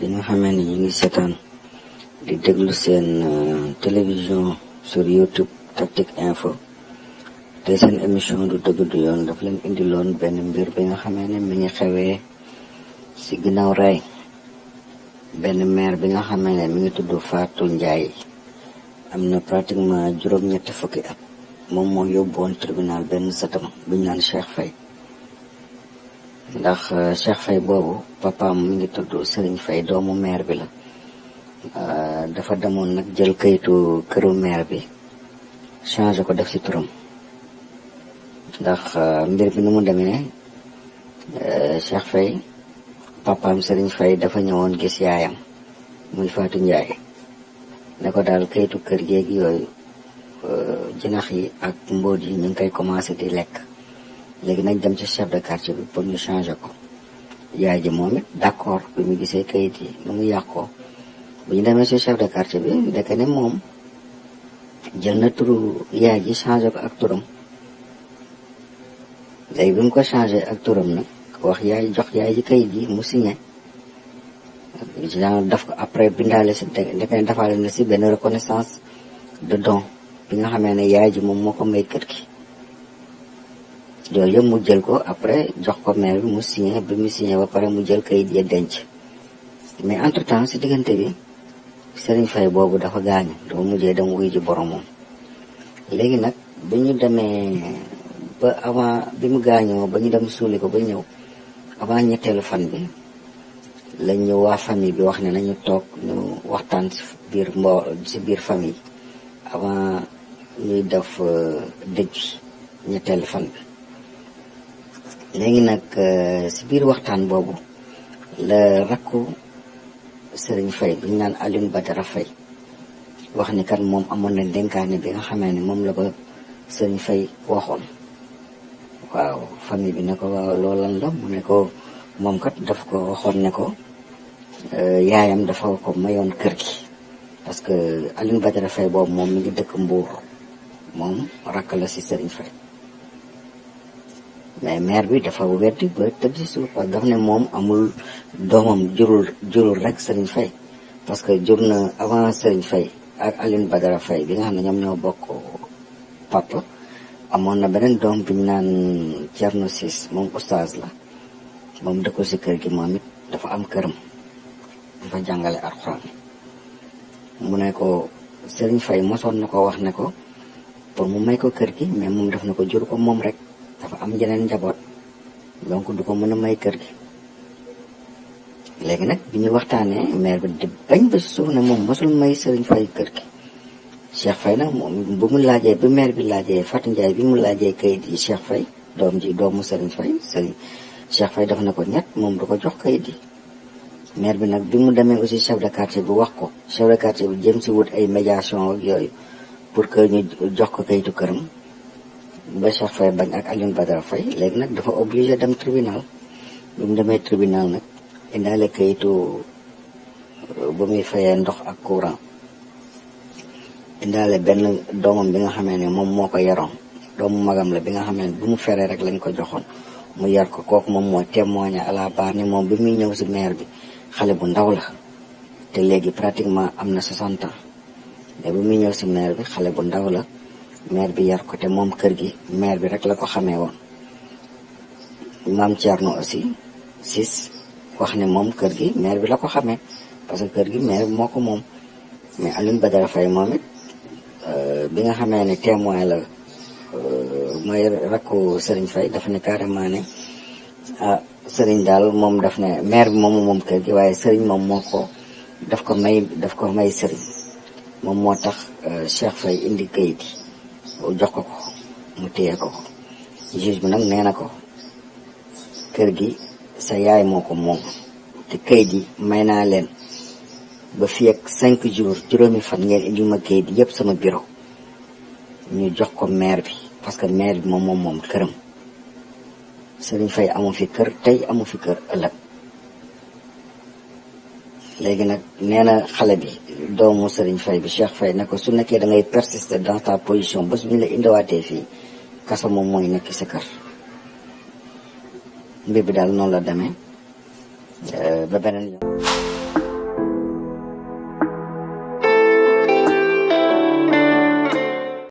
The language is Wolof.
bi nga xamee ni ñu ngi seetaan di déglu seen euh, télévision sur YouTube Tactic Info te seen émission du dëgg du yoon daf leen indi loon benn mbir bi nga xamee ne mi ngi xewee si ginnaaw raay benn maire bi nga xamee ne mu ngi tudd faatu Ndiaye am na pratiquement juróom-ñetti fukki at moom moo yóbboon tribunal benn satam bu ñu naan Cheikh Faye ndax euh, Cheikh Faye boobu papam mi ngi tudd Serigne Faye doomu maire bi la euh, dafa demoon nag jël kayitu këru maire bi changé ko def si turam ndax euh, mbir bi nu mu demee Cheikh Faye papaam Serigne Faye dafa ñëwoon gis yaayam muy Fatou Ndiaye ne ko daal kayitu kër géeg yooyu jinax yi ak mbóot yi ñu ngi koy commencé di lekk léegi nañ dem ci chef de quartier bi pour ñu changer ko yaay ji moom it d'accord bi mu gisee kayit yi nu mu yàqoo bu ñu demee ci chef de quartier bi ndeke ne moom jël na turu yaay ji changer ko ak turam léegi bi mu ko changer ak turam nag wax yaay jox yaay ji kayit yi mu signé ci daf ko après bindaale si ndeke ne dafaale na si benn reconnaissance de donc bi nga xamee ne yaay ji moom moo ko may kër gi loolu yëpp mu jël ko après jox ko mee bi mu signé bi ba pare mu jël kayit ya denc mais entre temps si diggante bi Serigne Faye boobu dafa gaañu dafa mujjee dem wuy ji boromam léegi nag bi ñu demee ba avant bi mu gaañoo ba ñu dem suuli ko ba ñëw avant ñetteelu fan bi lañ ñu waa famille bi wax ne nañu toog ñu waxtaan si biir mbo si biir famille avant ñuy def euh, dëj bi ñetteelu fan bi léegi nag euh, si biir waxtaan boobu la rakku sëriñ fay bi ñu naan Alioune Badara Faye wax ni kan moom amoon na dénkaane bi nga xamee ni moom la ko sëriñ fay waxoon waaw famille bi ne ko waaw la mu ne ko moom kat daf ko waxoon ne ko euh, yaayam dafa ko mayoon kër gi parce que Alioune Badara Faye boobu moom mu ngi dëkk Mbour moom rakk la si sëriñ fay mais mair bi dafa weddi ba tëdd si suuf ne moom amul doomam jurul jurul rek Serigne fay parce que jur na avant Serigne fay ak Aline Badara Faye bi nga xam ne ñoom ñoo bokk papa amoon na beneen doom bi ñu naan Thierno Ciss moom oustaz la moom dëkkul si kër gi moom it dafa am këram dafa jàngale alxuraan mu ne ko Serigne Faye mosoon na ko wax ne ko pour mu may ko kër gi mais moom def na ko jur ko moom rek dafa am geneen njaboot donc du ko mën a may kër gi léegi nag bi ñu waxtaanee maire bi di bañ ba suuf ne moom mosul may sëriñ fay kër gi Cheikh Fay nag moom bu mu laajee bu mair bi laajee Fatou Ndiaye bi mu laajee kayit yi Cheikh Fay doom ji doomu sëriñ Fay sëriñ Cheikh Fay def ne ko ñett moom du ko jox kayit yi maire bi nag bi mu demee aussi chef de quartier bi wax ko chef de quartier bi jëm si wut ay médiation ak yooyu pour que ñu jox ko kayitu këram ba Cheikh Faye bañ ak Alioune Badara Faye léegi nag dafa obligé dem tribunal bi mu demee tribunal nag indaale kayitu euh, ba muy fayee ndox ak courant indaale benn doomam bi nga xamee ne moom moo ko yaroon doomu magam la bi nga xamee ne bu mu feree rek lañ ko joxoon mu yar ko kooku moom moo témoigné à la barre ni moom bi muy ñëw si maire bi xale bu ndaw la te léegi pratiquement am na 60 ans mais muy ñëw si maire bi xale bu ndaw la maire bi yar ko te moom kër gi maire bi rek la ko xamee woon maam Thierno aussi sis wax ne moom kër gi maire bi la ko xamee parce que kër gi maire bi moo ko moom mais Alioune Badara fay moom it euh, bi nga xamee ne témoin la euh, mooy rakku Serigne Faye dafa ne carrément ne ah Serigne daal moom daf ne maire bi moomu moom kër gi waaye Serigne moom moo ko daf ko may daf ko may Serigne moom moo tax euh, Cheikh Faye indi kayit yi jox ko ko mu téye ko juge bi nag nee na ko kër gi sa yaay moo ko moom te kayit yi may naa leen ba fi ak cinq jours juróomi fan ngeen indi ma kayit yëpp sama bureau ñu jox ko maire bi parce que maire bi moom moom moom këram Serigne Faye amu fi kër tey amu fi kër ëllëg léegi nag nee na xale bi doomu Serigne Faye bi Cheikh fay ne ko su nekkee da ngay persister dans ta position ba bu ñu la indiwaatee fii kaso moom mooy nekk si kër mbir bi daal noonu la demee euh, ba beneen yoon